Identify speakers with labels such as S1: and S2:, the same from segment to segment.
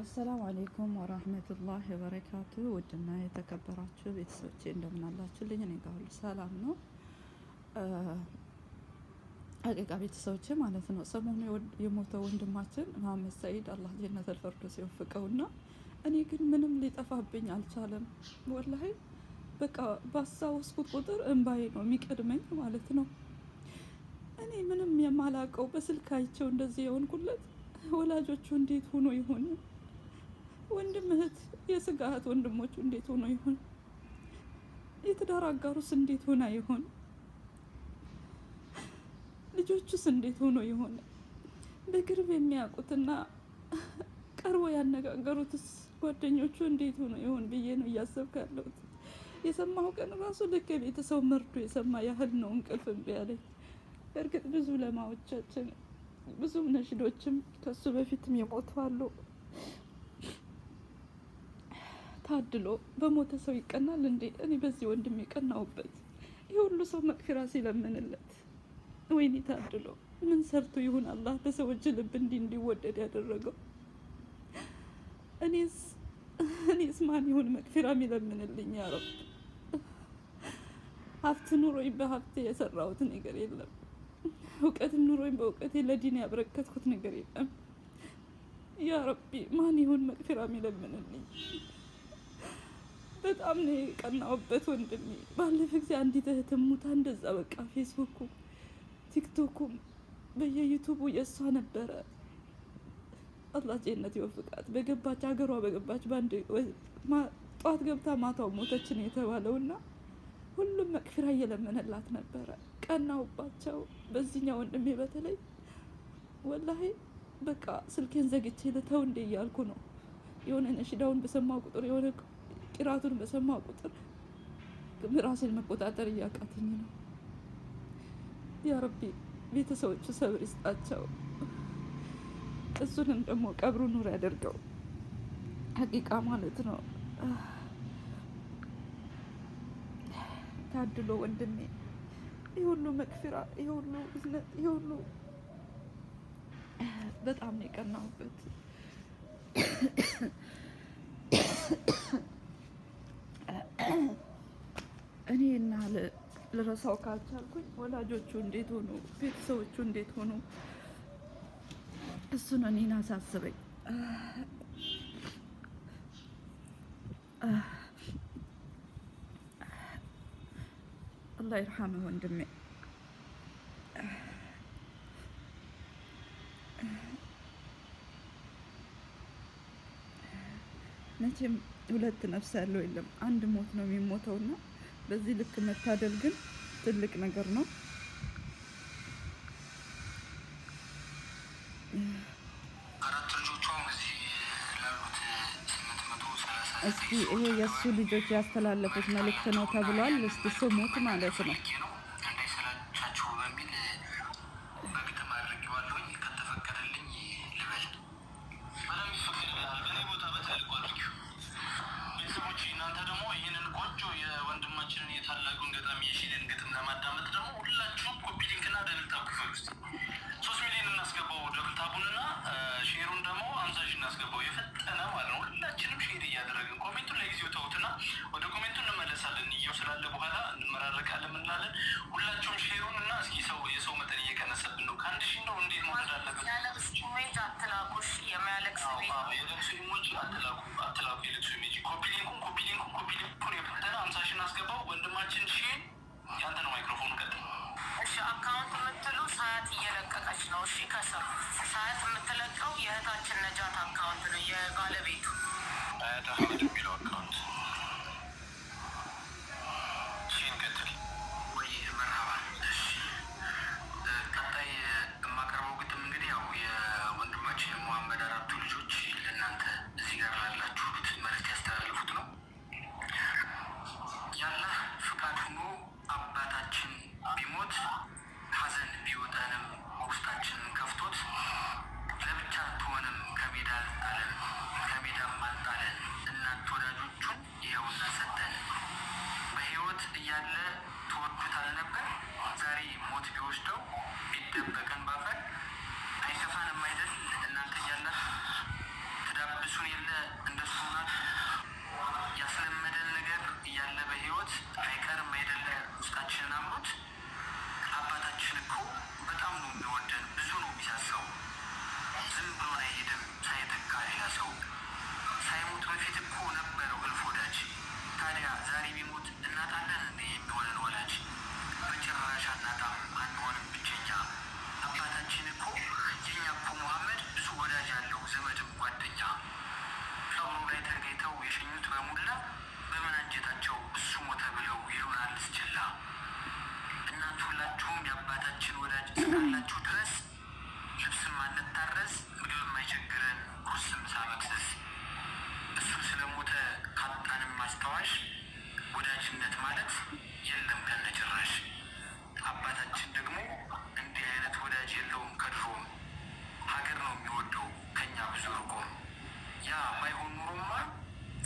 S1: አሰላሙ አሌይኩም ወራህመቱላህ ወበረካቱ። ውድና የተከበራችሁ ቤተሰቦቼ እንደምን እኔ ጋር ሁሉ ሰላም ነው። ሀቂቃ ቤተሰቦቼ ማለት ነው። ሰሞኑ የሞተው ወንድማችን መሀመድ ሰኢድ አላህ ጀነተል ፊርደውስ ይወፍቀውና እኔ ግን ምንም ሊጠፋብኝ አልቻለም። ወላሂ በቃ ባስታወስኩት ቁጥር እንባዬ ነው የሚቀድመኝ ማለት ነው። እኔ ምንም የማላውቀው በስልክ አይቼው እንደዚህ የሆንኩለት ወላጆቹ እንዴት ሆኖ ይሆን ወንድም እህት፣ የስጋ እህት ወንድሞቹ እንዴት ሆኖ ይሆን? የትዳር አጋሩስ እንዴት ሆና ይሆን? ልጆቹስ እንዴት ሆኖ ይሆን? በቅርብ የሚያውቁትና ቀርቦ ያነጋገሩትስ ጓደኞቹ እንዴት ሆኖ ይሆን ብዬ ነው እያሰብክ ያለሁት። የሰማሁ ቀን ራሱ ልክ ቤተሰብ መርዶ የሰማ ያህል ነው እንቅልፍ እምቢ ያለኝ። ብዙ ለማዎቻችን ብዙ ነሽዶችም ከሱ በፊትም የሞቱ አሉ። ታድሎ በሞተ ሰው ይቀናል እንዴ? እኔ በዚህ ወንድም የቀናውበት የሁሉ ሰው መቅፊራ ሲለምንለት፣ ወይኔ ታድሎ ምን ሰርቶ ይሆን አላህ በሰዎች ልብ እንዲህ እንዲወደድ ያደረገው? እኔስ እኔስ ማን ይሁን መቅፊራ የሚለምንልኝ? ያረብ ሀብት ኑሮኝ በሀብት የሰራሁት ነገር የለም። እውቀትም ኑሮኝ በእውቀቴ ለዲን ያበረከትኩት ነገር የለም። ያ ረቢ ማን ይሁን መቅፊራ የሚለምንልኝ? በጣም ነው የቀናውበት ወንድሜ። ባለፈ ጊዜ አንዲት እህት ሙታ እንደዛ በቃ ፌስቡኩም ቲክቶኩም በየዩቱቡ የእሷ ነበረ። አላህ ጀነት ይወፍቃት። በገባች ሀገሯ በገባች በአንድ ጠዋት ገብታ ማታው ሞተችን የተባለው እና ሁሉም መቅፊራ እየለመነላት ነበረ። ቀናውባቸው በዚህኛው ወንድሜ በተለይ ወላሂ በቃ ስልኬን ዘግቼ ልተው እንዴ እያልኩ ነው የሆነ ነሽዳውን በሰማው ቁጥር የሆነ ጢራቱን በሰማ ቁጥር ራሴን መቆጣጠር እያቃተኝ ነው። ያ ረቢ ቤተሰቦቹ ሰብር ይስጣቸው፣ እሱንም ደግሞ ቀብሩ ኑር ያደርገው። ሀቂቃ ማለት ነው። ታድሎ ወንድሜ፣ ይህ ሁሉ መቅፊራ፣ ይህ እዝነት፣ ይህ በጣም ነው የቀናሁበት። ልረሳው ካልቻልኩኝ ወላጆቹ እንዴት ሆኑ፣ ቤተሰቦቹ እንዴት ሆኑ፣ እሱ ነው እኔን አሳስበኝ። አላህ ይርሐመ ወንድሜ። መቼም ሁለት ነፍስ ያለው የለም፣ አንድ ሞት ነው የሚሞተውና በዚህ ልክ መታደል ግን ትልቅ ነገር ነው። እስኪ ይሄ የእሱ ልጆች ያስተላለፉት መልእክት ነው ተብሏል። እስቲ ስሙት ማለት ነው።
S2: ፊልሞች አትላኩ አትላኩ የልቅሶ ኢሜጅ ኮፒሊንኩን ኮፒሊንኩን ኮፒሊንኩን የፈተና አምሳሽን አስገባው። ወንድማችን ሺ ያንተ ነው ማይክሮፎኑ። ቀጥል። እሺ አካውንት የምትሉ ሰዓት እየለቀቀች ነው። እሺ ከስር ሰዓት የምትለቀው የእህታችን ነጃት አካውንት ነው የባለቤቱ አያት አህመድ የሚለው አካውንት ሞት ቢወስደው ቢደበቀን ባፈን አይከፋንም አይደል? እናንተ እያለ ትዳብሱን የለ እንደሱ ያስለመደን ነገር እያለ በህይወት አይቀርም አይደለ? ውስጣችንን አምሮት አባታችን እኮ በጣም ነው የሚወደን፣ ብዙ ነው የሚሳሰው፣ ዝም ብሎን አይሄድም ሳይተካ ሌላ ሰው ሳይሞት በፊት እኮ ነበረው እልፍ ወዳጅ። ታዲያ ዛሬ ቢሞት ማለት የለም ጭራሽ አባታችን ደግሞ እንዲህ አይነት ወዳጅ የለውም ከድሮም። ሀገር ነው የሚወደው ከኛ ብዙ ርቆም። ያ ባይሆን ኑሮማ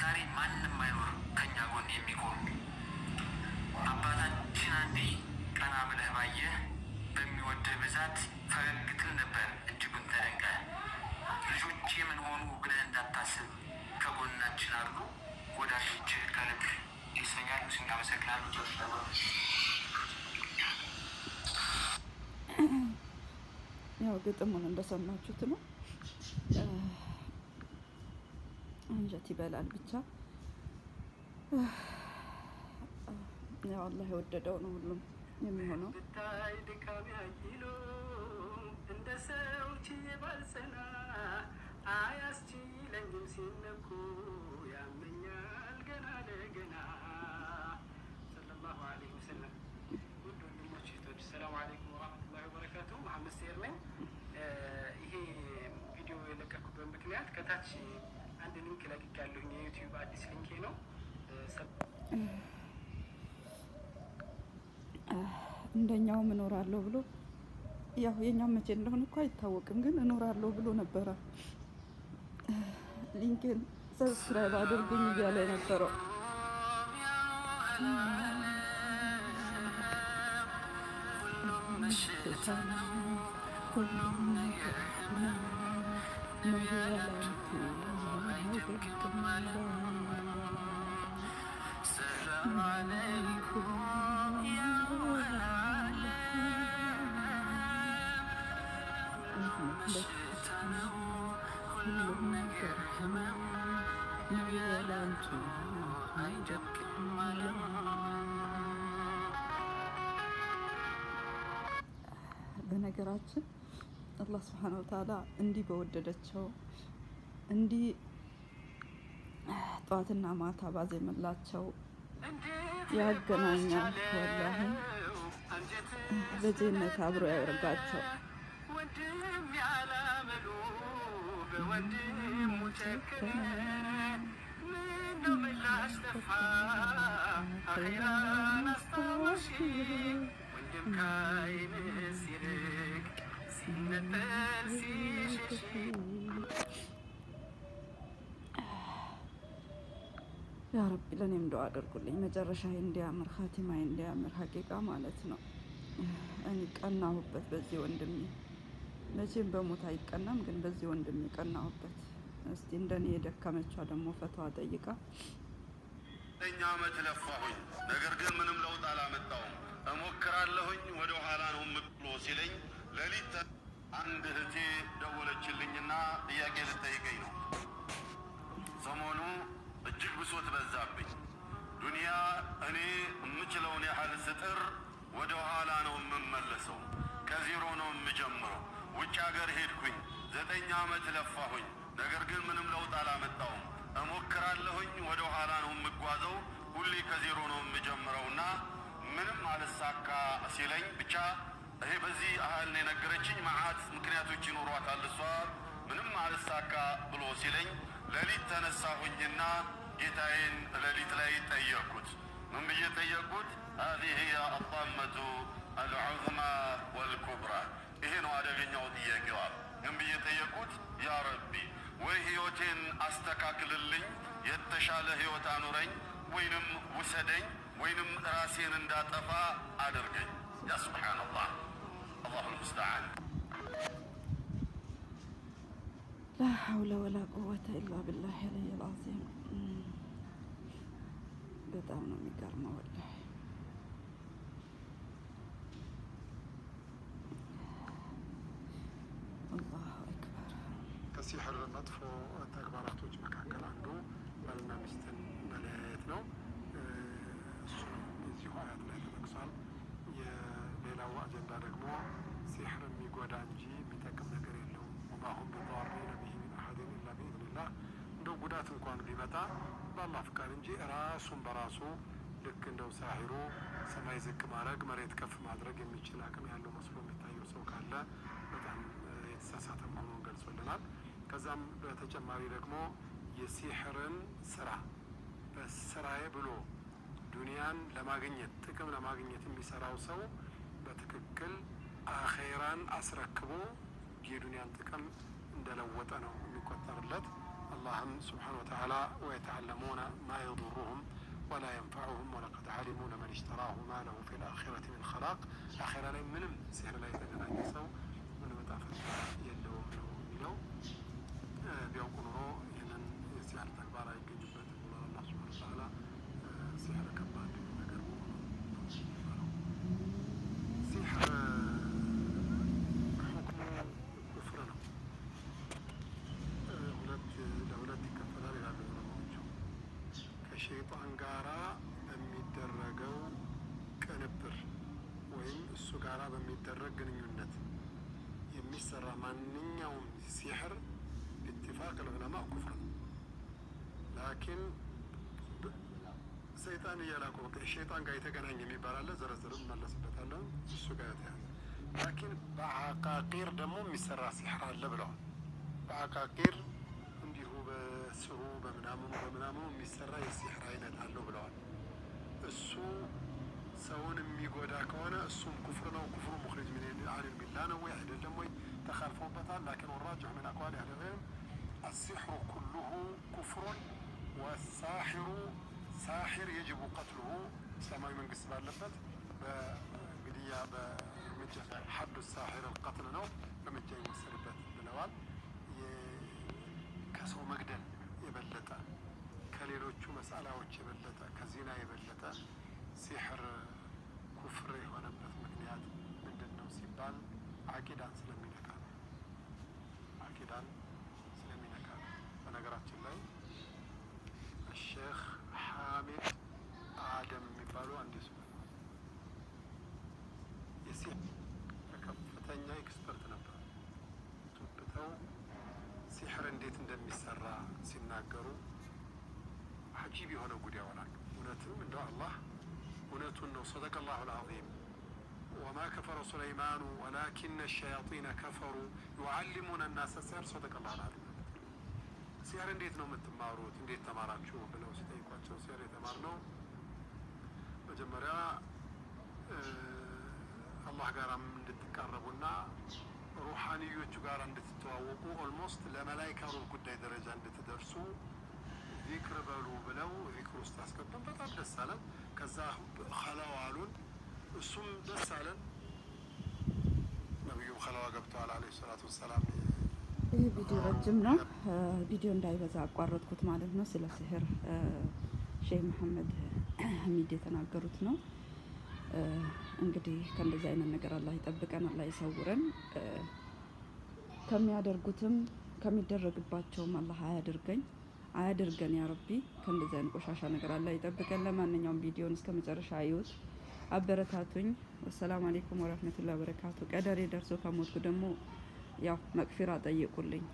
S2: ዛሬ ማንም አይኖርም ከኛ ጎን የሚቆም። አባታችን አንዴ ቀና ብለህ ባየህ በሚወድህ ብዛት ፈገግ ትል ነበር እጅጉን ተደንቀ። ልጆቼ ምን ሆኑ ብለህ እንዳታስብ ከጎናችን አሉ ወዳጆችህ ከልክ
S1: ያው ግጥሙን እንደሰማችሁት ነው። አንጀት ይበላል ብቻ ያው አላህ የወደደው ነው ሁሉም የሚሆነው። እንደ ሰው ችዬ ባልሰና
S3: አያስችለኝም ሲነኩ ሰላሙ አለይኩም ወራህመቱላሂ ወበረካቱ። መሐመድ ሰይር ነኝ። ይሄ ቪዲዮ የለቀኩበት ምክንያት ከታች አንድ ሊንክ ለቅቅ ያለሁኝ የዩቲዩብ አዲስ ሊንኬ ነው።
S1: እንደኛውም እኖራለሁ ብሎ ያው የኛው መቼ እንደሆነ እኮ አይታወቅም፣ ግን እኖራለሁ ብሎ ነበረ። ሊንኬን ሰብስክራይብ አድርጉኝ እያለ የነበረው። ما شئت نم كل منك همم نبيالة وعيدك سلام عليكم يا العالم ما شئت نم كل منك همم نبيالة وعيدك كمل በነገራችን አላህ ስብሓን ወተዓላ እንዲህ በወደደቸው እንዲህ ጠዋትና ማታ ባዜመላቸው ያገናኛል። ወላሂ በጀነት አብሮ ያደርጋቸው። ያ ረቢ ለእኔም እንደው አድርጉልኝ መጨረሻ እንዲያምር ሀቲማ እንዲያምር ሀቂቃ ማለት ነው። እኔ ቀናሁበት በዚህ ወንድሜ መቼም በሞት አይቀናም፣ ግን በዚህ ወንድሜ ቀናሁበት። እስቲ እንደኔ የደከመችዋ ደግሞ ፈቷ ጠይቃ
S4: ለኛ ዓመት ለፋሁኝ፣ ነገር ግን ምንም ለውጥ አላመጣውም። እሞክራለሁኝ ወደ ኋላ ነው ምቅሎ ሲለኝ ሌሊት አንድ እህቴ ደወለችልኝና ጥያቄ ልጠይቀኝ ነው። ሰሞኑ እጅግ ብሶት በዛብኝ። ዱንያ እኔ የምችለውን ያህል ስጥር ወደ ኋላ ነው የምመለሰው። ከዜሮ ነው የምጀምረው። ውጭ አገር ሄድኩኝ፣ ዘጠኝ ዓመት ለፋሁኝ። ነገር ግን ምንም ለውጥ አላመጣውም። እሞክራለሁኝ ወደ ኋላ ነው የምጓዘው። ሁሌ ከዜሮ ነው የምጀምረውና ምንም አልሳካ ሲለኝ ብቻ ይሄ በዚህ አህል ነው የነገረችኝ። መዓት ምክንያቶች ይኖሯታል እሷ ምንም አልሳካ ብሎ ሲለኝ ሌሊት ተነሳሁኝና ጌታዬን ሌሊት ላይ ጠየቅኩት። ምን ብዬ ጠየቅኩት? ሀዚህ አጣመቱ አልዑዝማ ወልኩብራ። ይሄ ነው አደገኛው ጥያቄዋ። ምን ብዬ ጠየቅኩት? ያ ረቢ ወይ ህይወቴን አስተካክልልኝ፣ የተሻለ ህይወት አኑረኝ፣ ወይንም ውሰደኝ وينم راسين اندا طفا ادرجي يا سبحان الله الله المستعان
S1: لا حول ولا قوة إلا بالله العلي العظيم بدأنا من كرمة والله الله أكبر
S5: كسيح الرمض فو تكبرات وجمك عندو ملنا مشتن ملايات نوم እሱ እዚሁ አያት ተጠቅሷል። የሌላው አጀንዳ ደግሞ ሲሕር የሚጎዳ እንጂ የሚጠቅም ነገር የለውም። ወማሁም ቢዳሪነ ቢሂ ሚን አሐድን ኢላ ቢኢዝኒላህ። እንደው ጉዳት እንኳን ቢመጣ በአላህ ፍቃድ እንጂ ራሱን በራሱ ልክ እንደው ሳሂሩ ሰማይ ዝቅ ማድረግ መሬት ከፍ ማድረግ የሚችል አቅም ያለው መስሎ የሚታየው ሰው ካለ በጣም የተሳሳተ መሆኑን ገልጾልናል። ከዛም በተጨማሪ ደግሞ የሲሕርን ስራ በስራዬ ብሎ ዱንያን ለማግኘት ጥቅም ለማግኘት የሚሰራው ሰው በትክክል አኼራን አስረክቦ የዱንያን ጥቅም እንደለወጠ ነው የሚቆጠርለት። አላህም ስብሓነሁ ወተዓላ ወየተዓለሙነ ማ የዱሩሁም ወላ የንፈዑሁም ወለቀድ ዓሊሙ ለመን እሽተራሁ ማ ለሁ ፊል አኺረቲ ምን ኸላቅ። አኼራ ላይ ምንም ሲህር ላይ የተገናኘ ሰው ምንም ዕጣ የለም። ጋራ በሚደረገው ቅንብር ወይም እሱ ጋራ በሚደረግ ግንኙነት የሚሰራ ማንኛውም ሲሕር ኢትፋቅ ለዑለማ ኩፍር ነው። ላኪን ሰይጣን እያላቁ ሸይጣን ጋር የተገናኘ የሚባል አለ። ዝርዝር መለስበታለሁ። እሱ ጋር ተያዘ። ላኪን በአቃቂር ደግሞ የሚሰራ ሲሕር አለ ብለዋል። በአቃቂር በምናምኑ በምናምኑ የሚሰራ የሲሕር አይነት አለው ብለዋል። እሱ ሰውን የሚጎዳ ከሆነ እሱም ኩፍር ነው። ኩፍሩ ሙክሪጅ ምን አል ሚላ ነው ወይ አይደለም ወይ ተካልፎበታል። ላኪን ወራጅሑ ምን አቋል አህል ዕልም አሲሕሩ ኩሉሁ ኩፍሩን ወሳሕሩ ሳሕር የጅቡ ቀትሉሁ ሰማይ መንግስት ባለበት በግድያ በእርምጃ ሐዱ ሳሕር ቀትል ነው እርምጃ ይወሰድበት መሳላዎች የበለጠ ከዚና የበለጠ ሲሕር ኩፍር የሆነበት ምክንያት ምንድን ነው ሲባል አቂዳን ስለ አጂብ የሆነ ጉድ ይሆናል። እውነትም እንደ አላህ እውነቱን ነው። ሰደቀ አላሁ ልዓዚም። ወማ ከፈረ ሱለይማኑ ወላኪነ ሸያጢነ ከፈሩ ዩዓሊሙነ ናሰ ሲሕር። ሰደቀ አላሁ ልዓዚም። ሲሕር እንዴት ነው የምትማሩት? እንዴት ተማራችሁ ብለው ሲጠይቋቸው ሲሕር የተማርነው መጀመሪያ አላህ ጋር እንድትቃረቡና ሩሓንዮቹ ጋር እንድትተዋወቁ ኦልሞስት ለመላይካ ሩህ ጉዳይ ደረጃ እንድትደርሱ ዚክር በሉ ብለው ዚክር ውስጥ አስገብተን በጣም ደስ አለን። ከዛ ኸላዋ አሉን፣ እሱም ደስ አለን። ነቢዩም ኸላዋ ገብተዋል አለ ሰላት ወሰላም።
S1: ይህ ቪዲዮ ረጅም ነው። ቪዲዮ እንዳይበዛ አቋረጥኩት ማለት ነው። ስለ ስህር ሼህ መሐመድ ሀሚድ የተናገሩት ነው። እንግዲህ ከእንደዚህ አይነት ነገር አላህ ይጠብቀን፣ አላህ ይሰውረን። ከሚያደርጉትም ከሚደረግባቸውም አላህ አያደርገኝ። አያድርገን ያረቢ። ከእንደዚህ አይነት ቆሻሻ ነገር አለ ይጠብቀን። ለማንኛውም ቪዲዮን እስከ መጨረሻ አይዩት፣ አበረታቱኝ። ወሰላም አሌይኩም ወረህመቱላ በረካቱ። ቀደሬ ደርሶ ከሞትኩ ደግሞ ያው መቅፊራ ጠይቁልኝ።